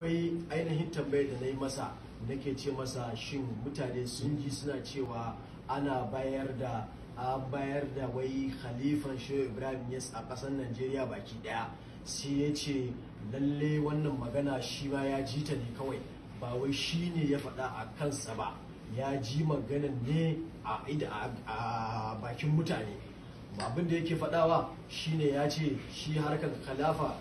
akwai ainihin tambayar da na yi masa nake ce masa shin mutane sun ji suna cewa ana bayar da an bayar da wai khalifan shehu ibrahim yes a ƙasar najeriya baki daya sai ya ce lalle wannan magana shi ma ya ji ta ne kawai ba wai shi ne ya faɗa a kansa ba ya ji maganan ne a bakin mutane abin da yake faɗawa shine ya ce shi harkar khalafa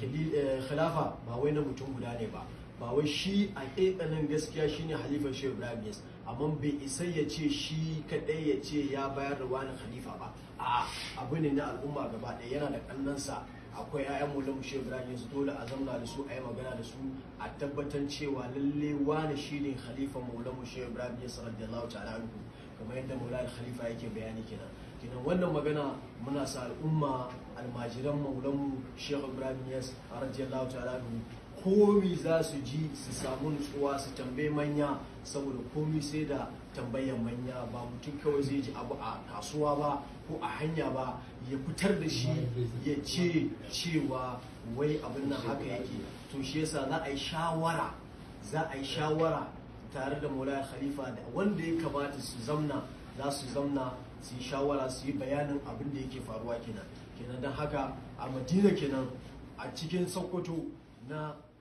khilafa eh, ba wai na mutum guda ne ba ba wai shi a ƙeƙanin gaskiya shine halifar shehu ibrahim yes amma bai isa ya ce shi kaɗai ya ce ya bayar da wani khalifa ba a abu ne na al'umma gaba ɗaya yana da ƙannansa akwai 'ya'yan mu lamu mushe ibrahim dole a zauna da su a yi magana da su a tabbatar cewa lalle wani shi ne halifan mu lamu mushe ibrahim radiyallahu ta'ala kamar yadda maula khalifa yake bayani kenan kenan wannan magana muna sa al'umma almajiran maulanmu shehu ibrahim yas radiyallahu ta'ala komi za su ji su samu nutsuwa su tambayi manya saboda komi sai da tambayan manya ba mutum kawai zai ji abu a kasuwa ba ko a hanya ba ya fitar da shi ya ce cewa wai abin nan haka yake to shi yasa za a yi shawara za a yi shawara tare da maulaya khalifa da wanda ya kamata su zamna za su zamna su yi shawara su yi bayanin abin da yake faruwa kenan kenan don haka a madina kenan a cikin sokoto na